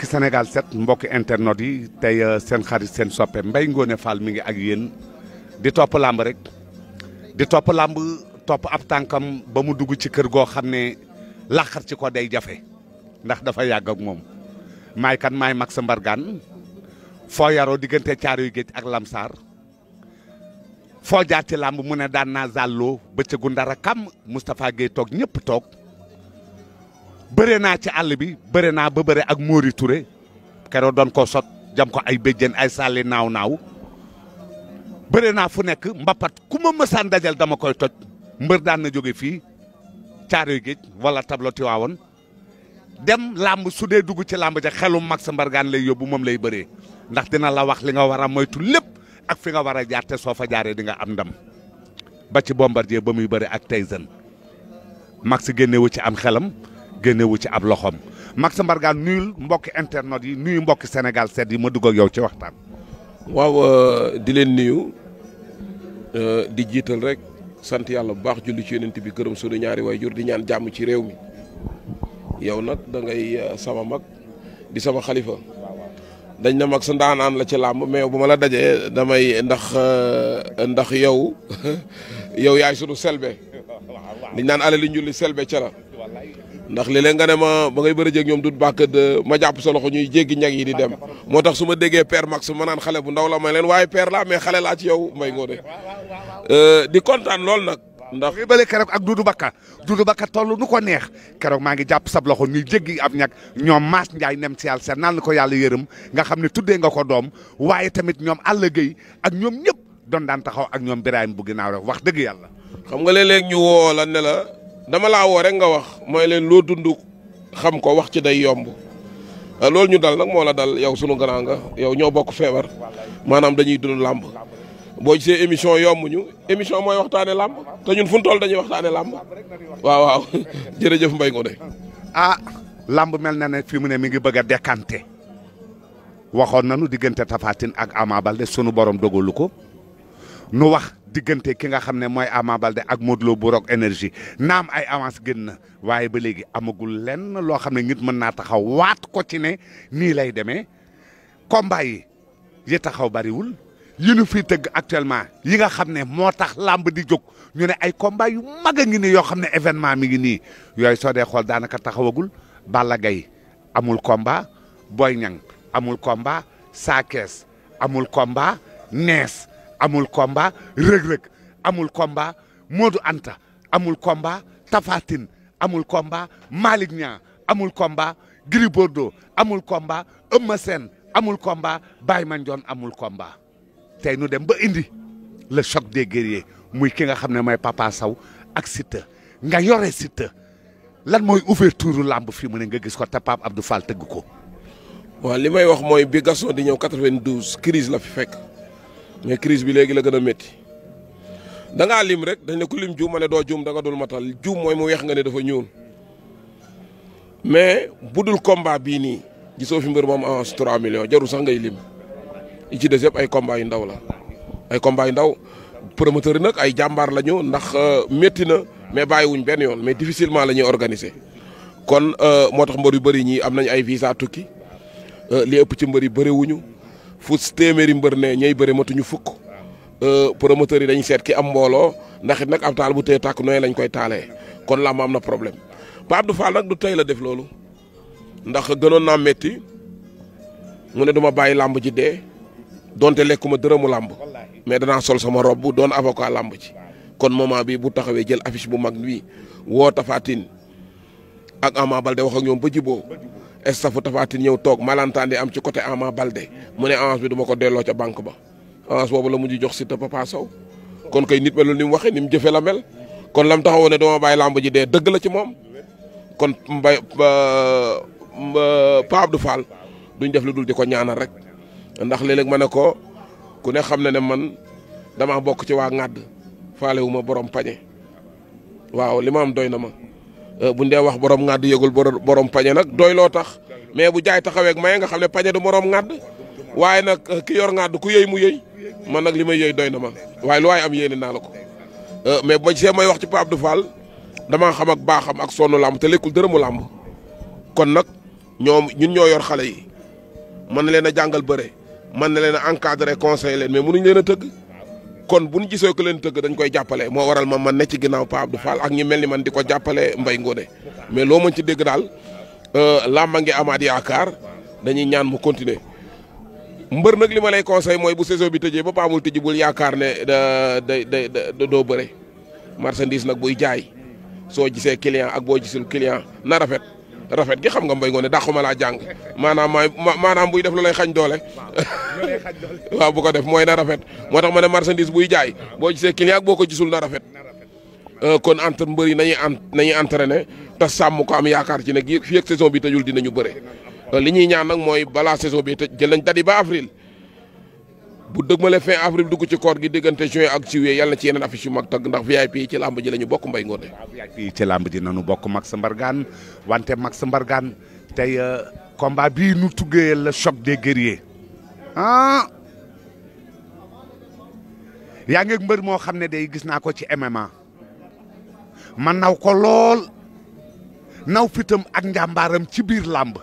ki Sénégal 7 mbokk internet yi tey euh, seen xarit seen soppe mbay Ngoné Fall mi ngi ak yéen di topp làmb rek di topp làmb topp ab tànkam ba mu dugg ci kër goo xam ne làqar ci ko day jafe ndax dafa yàgg ak moom maay kan maay mag sa mbargaan foo yaroo diggante caar yu géej ak lamsaar foo jaar ci làmb mu ne daan naa zàlloo bëccëgu ndara kam Moustapha Guèye toog ñëpp toog bëre naa ci àll bi bëre naa ba bëre ak Mori ture keroog doon ko sot jam ko ay béjjén ay sàlli naaw naaw bëre naa fu nekk mbapat ku ma mësaan dajal dama koy toj mbër daan na jóge fii caaroy géej wala tableau Tiwaawoon dem làmb su dee dugg ci làmb ja xelum mag sa mbargaan lay yóbbu moom lay bëree ndax dina la wax li nga war a moytu lépp ak fi nga war a jaar te soo fa jaaree di nga am ndam ba ci Bombardier ba muy bëri ak Tyson mag si génnewu ci am xelam génnewu ci ab loxoom Max Mbargane nuyul mbokki internet yi nuyu mbokki senegal seet yi ma dugg yow ci waxtaan. waaw euh, di leen nuyu euh, di jiital rek sant yàlla bu baax julli ci yonent bi gërëm sunu ñaari waajur di ñaan jàmm ci réew mi yow nag da ngay euh, sama mag di sama xalifa. dañ na mag sa ndaanaan la ci làmb mais bu ma la daje damay ndax ndax yow yow yaay sunu selbe di naan ale li njulli selbe ca ndax léeg-léeg nga ne ma ba ngay bëri jéeg ñoom dut bàkk de ma jàpp sa loxo ñuy jéggi ñag yi di dem moo tax su ma déggee père Max ma naan xale bu ndaw la may leen waaye père laa mais xale laa ci yow Mbaye Ngoné euh, di kontaan lool nag. ndax li bële keroog ak Doudou Bakka Doudou Bakka toll nu ko neex keroog maa ngi jàpp sab loxo ñuy jéggi ab ñag ñoom Maas Ndiaye nem si yàlla seet naan na ko yàlla yërëm nga xam ne tuddee nga ko doom waaye tamit ñoom Alla Gueye ak ñoom ñëpp doon daan taxaw ak ñoom Birahim bu ginnaaw rek wax dëgg yàlla. dama laa woo rek nga wax mooy leen loo dund xam ko wax ci day yomb euh, loolu ñu dal nag moo la dal yow sunu grand nga yow ñoo bokk feebar maanaam dañuy dund làmb boo gisee émission yomb ñu émission mooy waxtaane làmb te ñun fu ñu toll dañuy waxtaane làmb waaw waaw jërëjëf Mbaye Ngoné ah làmb mel na ne fi mu ne mi ngi bëgg a décanté waxoon nanu diggante Tapha ak Ama Baldé sunu borom dogalu ko nu wax diggante ki nga xam ne mooy Ama Balde ak Modou Lo bu énergie naam ay avance gën na waaye ba léegi amagul lenn loo xam ne nit mën naa taxaw waat ko ci ne nii lay demee combat yi yi taxaw bariwul yi ñu fii tëgg actuellement yi nga xam ne moo tax làmb di jóg ñu ne ay combat yu mag ngi nii yoo xam ne événement mi ngi nii yooyu soo dee xool daanaka taxawagul Balla Gaye amul combat Boy Niang amul combat Sa Thiès amul combat Nees amul combat rëg amul combat Modou Anta amul combat Tapha amul combat Malick Niang amul combat Gris Bordeaux amul combat Eumeu Sène amul combat Baye Mandione amul combat tey nu dem ba indi le choc des guerriers muy ki nga xam ne mooy Papa saw ak Siteu nga yore Siteu lan mooy ouverture làmb fii mu ne nga gis ko te Pape Abdou Fall tëgg ko. waaw li may wax mooy bi Gaston di ñëw 92 crise la fi fekk. mais crise bi léegi la gën a métti da lim rek dañ ne ku lim juum ma doo juum da nga dul matal juum mooy mu weex nga ne dafa ñuul mais bu dul combat bii nii gisoo fi mbër moom avance 3 jarul sax ngay lim yi ci ay combat yu ndaw la ay combat yu ndaw promoteur yi nag ay jàmbaar la ñu ndax euh, métti na mais bàyyiwuñ benn yoon mais difficilement la ñuy organiser kon euh, moo tax mbër yu bëri ñii am nañ ay visa tukki euh, li ëpp ci mbër yi bëriwuñu fu téeméeri mbër ne ñay bëri matuñu fukk euh, promoteurs yi dañu seet ki am mbooloo ndax it nag am taal bu tee tàkk nooy lañ koy taalee kon làmb am na problème Pape du Fall nag du tey la def loolu ndax gënoon naa metti mu ne duma bàyyi làmb ji dee donte lekkuma dërëmu làmb mais danaa sol sama robb doon avocat làmb ci kon moment bi bu taxawee jël affiche bu mag bii woo Tapha ak Ama Baldé wax ak ñoom ba jiboo estafu Tapha ñëw toog malentendu am ci côté Ama Balde mu ne avance bi du ma ko delloo ca banque ba avance boobu la mu mujj jox Siteu Papa Sow kon koy nit ba loolu ni mu waxe ni mu jëfee la mel kon lam taxawoon ne dama bàyyi làmb ji dee dëgg la ci moom kon mbay Pa Abdou Fall duñ def lu dul di ko ñaanal rek ndax léeg ma ne ko ku ne xam na ne man damaa bokk ci waa ŋàdd faale wu ma borom pañe waaw li ma am doy na ma. Euh, bu ñu dee wax borom ŋàdd yëgul borom pañe nag doy loo tax mais bu jaay taxawee ak nga xam ne pañe du borom ŋàdd waaye nag euh, ki yor ŋàdd ku yéy mu yëy man nag li ma yëy doy na ma waaye lu waaye am yéene naa la ko euh, mais bu ma gisee may wax ci Pape Abdou Fall damaa xam ak baaxam ak sonn làmb te lekkul dërëmu làmb kon nag ñoom ñun ñoo yor xale yi mën na leen a jàngal bëre mën na leen a encadrer conseiller leen mais leen a tëgg kon bu ñu gisee ko leen tëgg dañ koy jàppale moo waral ma man ne ci ginnaaw Pa Abdou Fall ak ñi mel ni man di ko jàppale Mbaye Ngoné mais loo mën ci dégg daal euh, làmba ngi amaat yaakaar dañuy ñaan mu continuer mbër nag li ma lay conseil mooy bu saison bi tëjee ba paamul tëji bul yaakaar ne da day day doo bëre marchandise nag buy jaay soo gisee client ak boo gisul client na rafet rafet gi xam nga mbay ngoone dàquma laa jàng maanaam maanaam buy def lu lay xañ doole waaw bu ko def mooy na rafet moo tax ma ne marchandise buy jaay boo gisee client ak boo ko gisul na rafet euh, kon entre mbër yi nañuy ent nañuy entraîné te sàmm ko am yaakaar ci ne fii ak saison bi tëjul dinañu bëre euh, li ñuy ñaan nag mooy balaa saison bi tëj jël nañ dadi ba avril bu dëgmale fin avril dugg ci koor gi diggante juin ak juillet yàlla na ci yeneen affiche yu mag tag ndax VIP yi ci làmb ji la ñu bokk mbay ngoone waaw ah, VIP yi ci làmb ji nañu bokk Max wante Max Mbargane tey euh, combat bii nu tuggee la choc des guerriers ah! yaa ngi mbër moo xam ne day gis naa ko ci MMA man naw ko lool naw fitam ak njàmbaaram ci biir làmb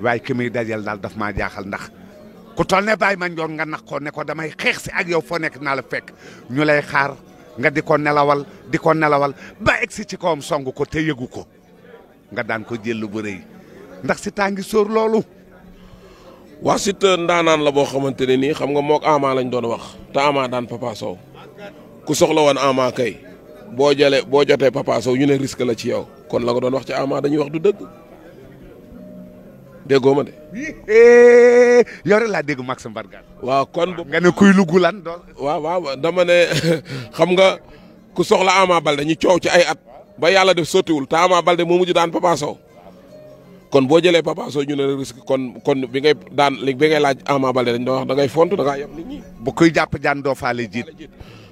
waaye ki muy dajal daal daf maa jaaxal ndax ku toll ne Baye Mandione nga nax ko ne ko damay xeex si ak yow foo nekk naa la fekk ñu lay xaar nga di ko nelawal di ko nelawal ba egsi ci kawam song ko te yëgu ko nga daan ko jël lu bëri ndax si taa ngi sóor loolu. waa Siteu ndaanaan la boo xamante ne nii xam nga moog Ama lañ doon wax te Ama daan Papa Sow ku soxla woon Ama kay boo jëlee boo jotee Papa Sow ñu ne risque la ci yow kon la nga doon wax ci Ama dañuy wax du dëgg. déggoo ma de. yow laa dégg Max Mbargane. waaw kon bu nga ne kuy lugu lan. waaw waaw dama ne xam nga ku soxla Ama Baldé ñu coow ci ay at. ba yàlla def sottiwul te Ama Baldé moo mujj daan Papa Sow kon boo jëlee Papa Sow ñu ne risque kon kon bi ngay daan li bi ngay laaj Ama Baldé dañ doon wax ngay fontu da ngaa yab nit ñi. bu koy jàpp jaan doo faale jiit.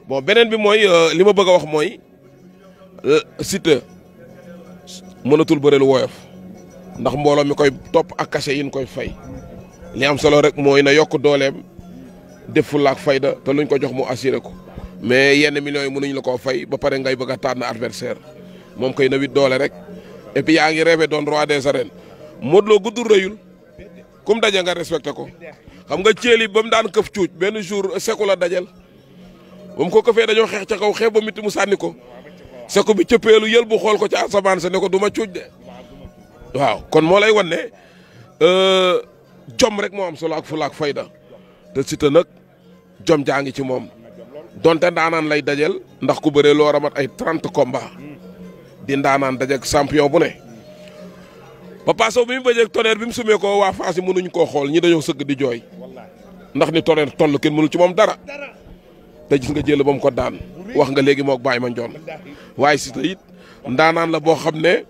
bon beneen bi mooy euh, li ma bëgg wax mooy euh, Siteu mënatul bëre lu ndax mbooloo mi koy topp ak cachet yi koy fay li am solo rek mooy na yokk dooleem def fulla fay fayda ta luñ ko jox mu assuré ko mais yenn millions yi mënuñ la koo fay ba pare ngay bëgg a tànn adversaire moom koy na wit doole rek et puis yaa ngi rêvé doon roi des arènes Modou Lo guddul rëyul kum daje nga respecté ko xam nga ceeli ba mu daan këf cuuc benn jour seku la dajal ba mu ko këfee dañoo xeex ca kaw xeex ba mu sànni ko seku bi cëppeelu yël bu xool ko ca asamaan sa ne ko du ma cuuc waaw kon moo lay wan euh, jom rek moo am solo ak fula ak fayda te Siteu nag jom jaa ngi ci moom donte ndaanaan lay dajel ndax ku bëree loo ramat ay trente combats di ndaanaan dajeeg champion bu ne. Papa Sow bi mu bëjeeg tonnerre bi mu sumee ko waa Fass yi koo xool ñi dañoo sëgg di jooy ndax ni tonnerre toll kenn mënu ci moom dara te gis nga jël ba mu ko daan wax nga léegi moo bàyyi ma njoon waaye Siteu it ndaanaan la boo xam ne.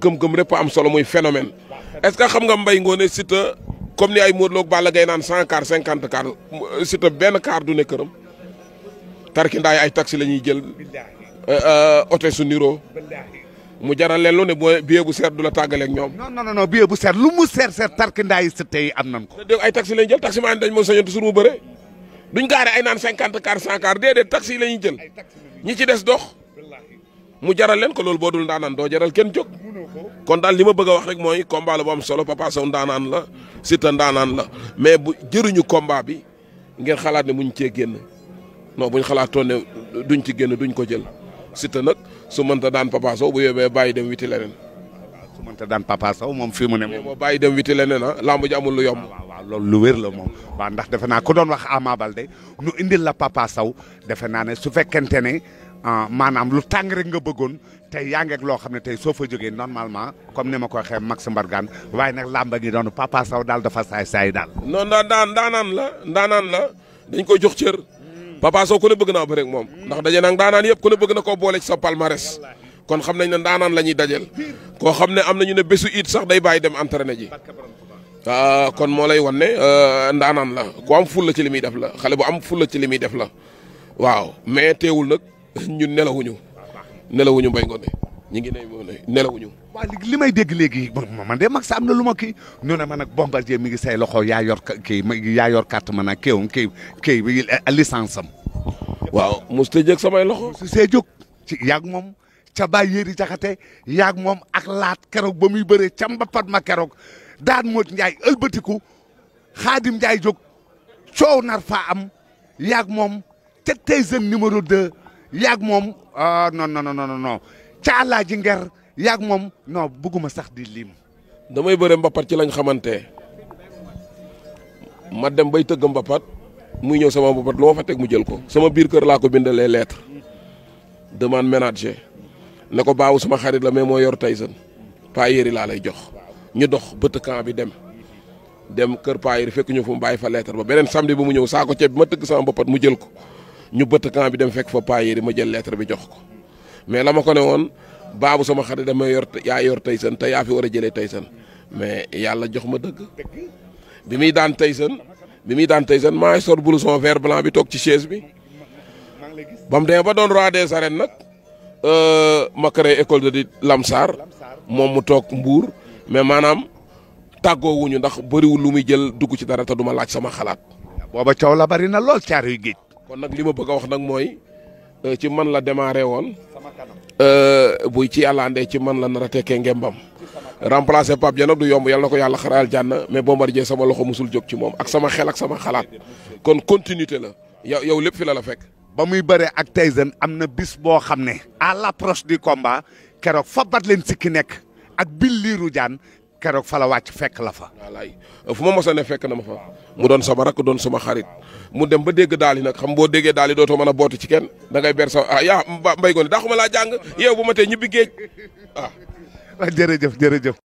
gëm-gëm lépp am solo muy phénomène es ce que xam nga mbay Ngoné Siteu comme ni ay Modou Lo bala Balla Gaye naan cent car cinquante car Siteu benn car du ne këram tarkindaay ay taxi la ñuy jël euh, oto su niroo mu jaral leen lu ne boo billet bu seer du la tàggaleeg ñoom. non non bu seer lu mu seer seer tarkindaay Siteu yi am nañ ko. dégg ay taxi la ñuy jël ma maa dañ moo sañoon toujours mu bëre duñ gaare ay naan cinquante car cent car déedéet taxi la ñuy jël ñi ci des dox. mu jaral leen ko loolu boo dul ndaanaan doo jaral kenn jóg kon daal li ma bëgg a wax rek mooy combat la bu solo Papa Sow ndaanaan la Siteu ndaanaan la mais bu jëruñu combat bi ngeen xalaat ne muñ cee génn noo buñ xalaatoon ne duñ ci génn duñ ko jël Siteu nag su mënta daan Papa Sow bu yóbbee bàyyi dem witi leneen. su mënta daan Papa Sow moom fii mu ne. moom bàyyi dem witi leneen ah lamb ji lu yomb. Ah, waaw loolu lu wér la moom waa ndax defe naa ko doon wax Ama Baldé nu indil la Papa defe naa ne su fekkente ne. Ah, maanaam lu tàng rek nga bëggoon tey yaa ngeeg loo xam ne tey soo fa jógee normalement comme ni ma ko waxee Max Mbargane waaye nag làmba ngi doon Papa Sow daal dafa saay saay daal. non daa daan daanaan la daanaan la dañ koy jox cër Papa Sow ku ne bëgg naa ba rek moom ndax daje nag daanaan yëpp ku ne bëgg na koo boole ci sa kon xam nañ ne daanaan la ñuy dajel koo xam ne am nañu ne bésu it sax day bàyyi dem entraîné ji ah, kon moo lay wan ne euh, ndaanaan la ku am fulla ci li muy def la xale bu am fulla ci li muy def la waaw ñun nelawuñu nelawuñu Mbaye Ngoné ñu ngi ne moom nelawuñu. waaw li may dégg léegi man de mag sa am na lu ma kii ñu ne ma nag mi ngi say loxo yaa yor kii yaa yor carte ma nag kéwam kii kii bi eh, eh, licence am. waaw mos ta jëg samay loxo. su see jóg ci yàgg moom ca Baye Yéri Jaxate yàgg moom ak laat keroog ba muy bëree cam ba pat ma keroog daan Modou Ndiaye ëlbatiku Xaadim Ndiaye jóg coow nar faa am yàgg moom ca Tyson numéro 2. yaag moom ah non non non non non ji nger yaag moom non bëgguma sax di lim. damay bëre mbapat ci lañ xamante mat dem bay tëgg mbapat muy ñëw sama mbapat loo fa teg mu jël ko sama biir kër laa ko bindalee lettre demande ménager ne ko baawu sama xarit la mais moo yor Tyson paa yéri laa lay jox ñu dox bëtt camp bi dem dem kër paa yéri fekk ñu fu mbaay bàyyi fa lettre ba beneen samedi bu mu ñëw saako ceeb ma tëgg sama mbapat mu jël ko. ñu bëtt camp bi dem fekk fa paa yéeri ma jël lettre bi jox ko mais la ma ne woon baabu sama xarit dama yor yaa yor Tyson te yaa fi war a jëlee Tyson mais yàlla jox ma dëgg bi muy daan Tyson bi muy daan Tyson maa ngi sol blouson vert blanc bi toog ci chaise bi ba mu demee ba doon roi des arènes nag euh, ma créé école de Lamsar moom mu toog mbuur mais maanaam tàggoowuñu ndax bëriwul lu muy jël dugg ci dara te du ma laaj sama xalaat. booba la bari na lool caar yu kon nag li ma bëgg a wax nag mooy euh, ci man la démarré woon euh, buy ci yàlla andee ci man la nar a tekkee ngembam remplacer Pape Dia nag du yomb yàlla na ko yàlla xaraal jànn mais Bombardier sama loxo musul jóg ci moom ak sama xel ak sama xalaat kon continuité la yow yow lépp fi la la fekk. ba muy bëre ak Tyson am na bis boo xam ne. à l'approche du combat keroog fa bat leen sikki nekk ak bil liiru jaan keroog fa la wàcc fekk la fa. wallaay fu ma mos a ne fekk na ma fa. mu doon sama rakk doon sama xarit. mu dem ba dégg daal nag xam boo déggee daal yi dootoo mën a bootu ci kenn dangay ngay ber sa ah yaa mbay gone daa xuma laa jàng yow bu ma tee ñibbi géej ah. ah jërëjëf jërëjëf.